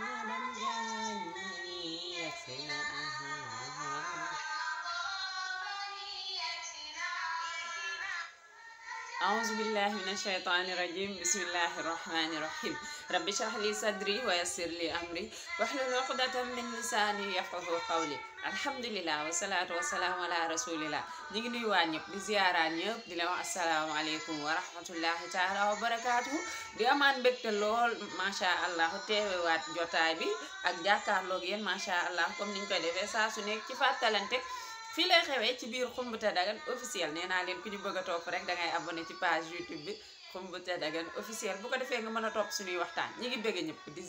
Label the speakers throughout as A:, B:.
A: नीयस أعوذ بالله من الشيطان الرجيم بسم الله الرحمن الرحيم رب اشرح لي صدري ويسر لي أمري واحلل عقدة من لساني يفقهوا قولي الحمد لله والصلاة والسلام على رسول الله نيجي نيو نيب دي زيارة نيب دي السلام عليكم ورحمة الله تعالى وبركاته دي أمان بكت لول ما شاء الله تيوي وات جوتاي بي أك جاكار لوغين ما شاء الله كوم نينكو ديفي سا سونيك تي فاتالنتك fii lay xewee ci biir xumb te dagan officiel nee naa leen ku ñu bëgg a topp rek da ngay abonné ci page YouTube bi xumb te dagan officiel bu ko defee nga mën a topp suñuy waxtaan ñi ngi bëgg ñëpp di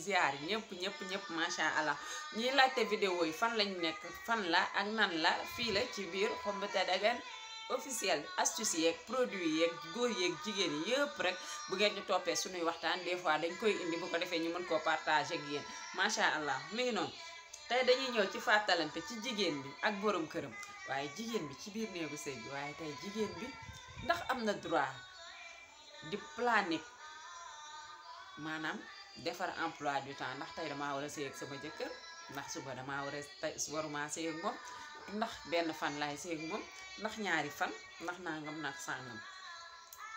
A: ñëpp ñëpp ñëpp macha allah ñiy laajte vidéo yi fan lañ nekk fan la ak nan la fii ci biir xumb te dagan officiel astuce yeeg produit yeeg góor yeeg jigéen yëpp rek bu ngeen ñu toppee suñuy waxtaan des fois dañ koy indi bu ko defee ñu mën koo partage ak yéen macha allah mi ngi noonu tey dañuy ñëw ci fàttalante ci jigéen bi ak borom këram waaye jigéen bi ci biir néegu sëy bi waaye tey jigéen bi ndax am na droit di planer maanaam defar emploi du temps ndax tey damaa war a sëy ak sama jëkkër ndax suba damaa war a tey waruma sëy ak moom ndax benn fan laay sëy moom ndax ñaari fan ndax nangam nag sàngam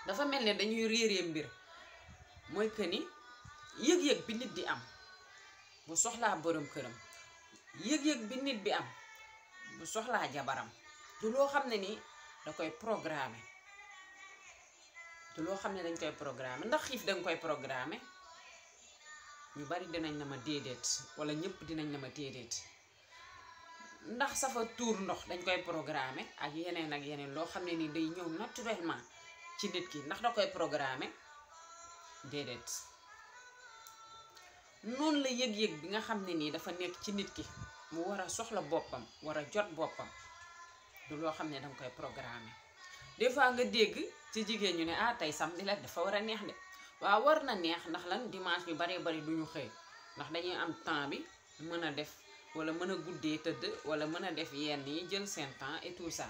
A: dafa mel ni dañuy réeree mbir mooy que ni yëg-yëg bi nit di am bu soxlaa borom këram yëg-yëg bi nit bi am bu soxlaa jabaram du loo xam ne nii da koy programme du loo xam ne dañ koy programme ndax xiif dañ koy programe ñu bari dinañ na ma déedéet wala ñëpp dinañ na ma déedéet ndax safa tuur ndox dañ koy programme ak yeneen ak yeneen loo xam ne nii day ñëw naturellement ci nit ki ndax da koy programme déedéet noonu la yëg yéeg bi nga xam ne nii dafa nekk ci nit ki mu war a soxla boppam war a jot boppam du loo xam ne danga koy programme des fois nga dégg ci jigéen ñu ne ah tey samedi la dafa war a neex de waaw war na neex ndax lan dimanche ñu baree bari duñu xëy ndax dañuy am temps bi mën a def wala mën a guddee tëdd wala mën a def yenn yi jël seen temps et tout ça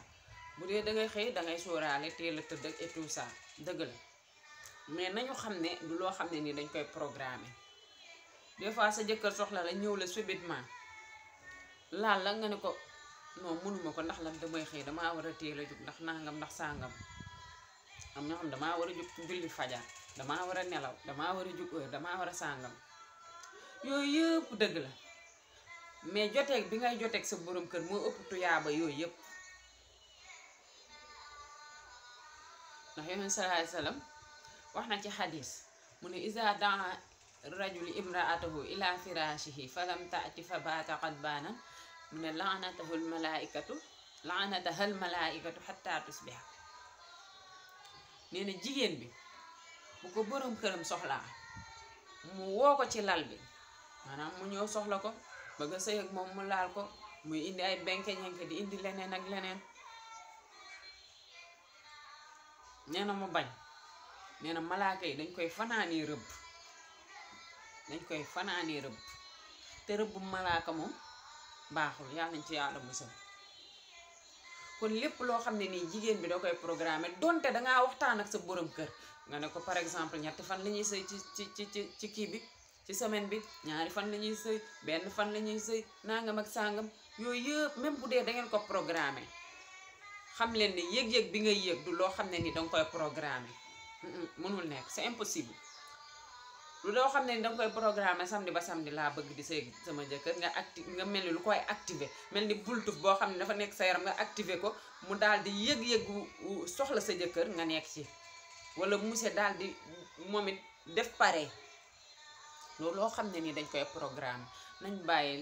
A: bu dee dangay ngay xëy da ngay sóoraale teel a tëdd ak et tout ça dëgg la mais nañu xam ne du loo xam ne ni dañ koy programmer des fois sa jëkkër soxla la ñëw la subitement laal la nga ne ko non mënuma ko ndax lan damay xëy damaa war a teel a jug ndax nangam ndax sàngam am ñoo xam damaa war a jug julli fajar damaa war a nelaw damaa war a jug damaa war a sàngam yooyu yëpp dëgg la mais joteeg bi ngay joteeg sa borom kër moo ëpp tuyaaba yooyu yëpp ndax yonent salaay wax na ci xadis mu ne isa daa rajuli imraatahu ila firashihi falam taati fa baata qadbaana mu ne laanatahu lmalaaikatu laanataha xataa tusbiha nee jigéen bi bu ko borom këram soxlaa mu woo ko ci lal bi maanaam mu ñëw soxla ko bëgg a sëy moom mu laal ko muy indi ay benke ñenke di indi leneen ak leneen nee mu bañ nee na malaaka yi dañ koy fanaani rëbb dañ koy fanaanee rëbb te rëbb malaaka moom baaxul yàlla nañ ci yàlla musal kon lépp loo xam ne nii jigéen bi da koy programmé donte dangaa waxtaan ak sa borom kër nga ne ko par exemple ñetti fan la ñuy sëy ci ci ci kii bi ci semaine bi ñaari fan lañuy ñuy sëy benn fan la ñuy sëy nangam ak sàngam yooyu yëpp même bu dee da ngeen ko programmé xam leen ne yëg-yëg bi ngay yëg du loo xam ne ni danga koy programmé mënul nekk sa impossible lu loo xam ne danga koy programme samedi ba samedi laa bëgg di sëy sama jëkkër nga acti nga mel ni lu koy activer mel ni bultuf boo xam ne dafa nekk sa yaram nga activer ko mu daal di yëg-yëgu soxla sa jëkkër nga nekk ci wala monsieur daal di moom it def pare loolu loo xam ne nii dañ koy programme nañ bàyyi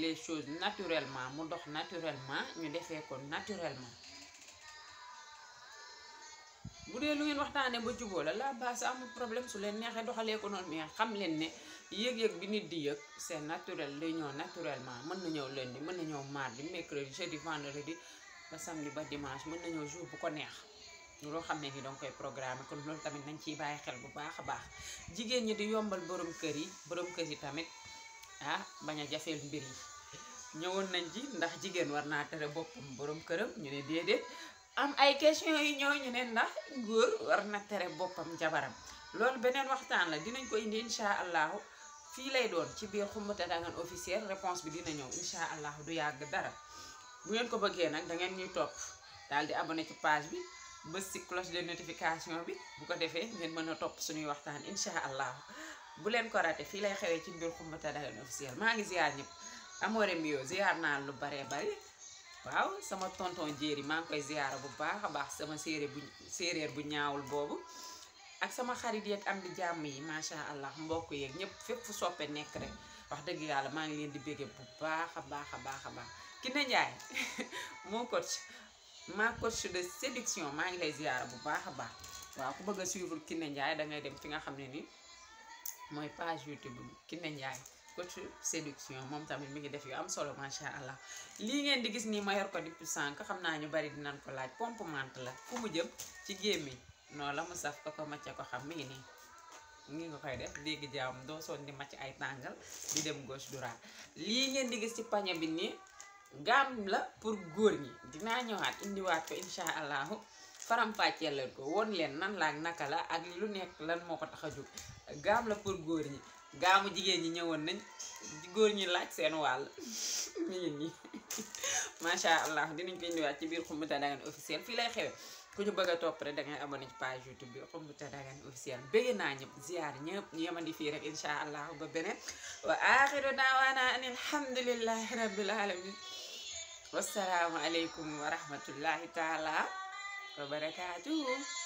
A: les choses naturellement mu ndox naturellement ñu defee ko naturellement bu lu ngeen waxtaanee ba djubo la la bass am problème su len nexé doxalee ko non mais xam len né yeg yeg bi nit di yeg c'est naturel lay ñoo naturellement mën na ñëw lundi mën na ñëw mardi mercredi jeudi vendredi ba samedi ba dimanche mën na ñëw jour bu ko neex loo lo xamné ni danga koy programme kon lool tamit nañ ci baye xel bu baaxa baax jigéen ñi di yombal borom kër yi borom kër yi tamit ah baña jafel mbir yi ñewon nañ ci ndax jigéen war na tere bopum borom kërëm ñu né dédé am ay question yi ñoo ñu ne ndax góor war na tere boppam jabaram loolu beneen waxtaan la dinañ ko indi incha allahu fii lay doon ci biir xumbata dangan officiel réponse bi dina ñëw incha allahu du yàgg dara bu ngeen ko bëggee nag da ngeen ñuy topp daal di abonné ci page bi bës ci cloche de notification bi bu ko defee ngeen mën a topp suñuy waxtaan incha allahu bu leen ko rate fii lay xewee ci mbir xumbata dangan officiel maa ngi ziar ñëpp amoore mio ziar naa lu baree bari waaw sama tonton jéeri maa ngi koy ziyaara bu baax a baax sama séeréer bu séeréer bu ñaawul boobu ak sama xarit yeeg am di jàmm yi macha allah mbokk yeeg ñëpp fépp fu soppe nekk rek wax dëgg yàlla maa ngi leen di bége bu baax a baax a baax a baax ki na njaay moo coach maa coach de séduction maa ngi lay ziyaara bu baax a baax waaw ku bëgg a suivre na Ndiaye da ngay dem fi nga xam ne ni mooy page YouTube na Ndiaye coach séduction mom tamit mi ngi def yu am solo sha allah li ngeen di gis ni ma yor ko di puissant xam xamna ñu bari nan ko laaj pompe menthe la ku mu jëm ci gemi no la mu saf ko ko ci ko xam mi ni ngi ko koy def deg jam do son di macc ay tangal di dem gauche droite li ngeen di gis ci pañe bi ni gam la pour góor ñi dina ñëwaat waat ko insha allahu faram-fàccee ko won len nan la nakala ak lu nek lan moko taxaju gam la pour ñi gaamu jigen ñi ñewon nañ goor ñi laaj seen wal ñi ñi ma sha allah dinañ ñu wat ci biir Khoumbatta Dagana officiel fi lay xewé ku ñu bëgg top rek da ngay abonné ci page youtube bi Khoumbatta Dagana officiel bëgg na ñep ziar ñep ñu yemandi fi rek insha allah ba benen wa akhiru dawana alhamdulillahi rabbil alamin wassalamu aleykum wa taala wa barakatuh.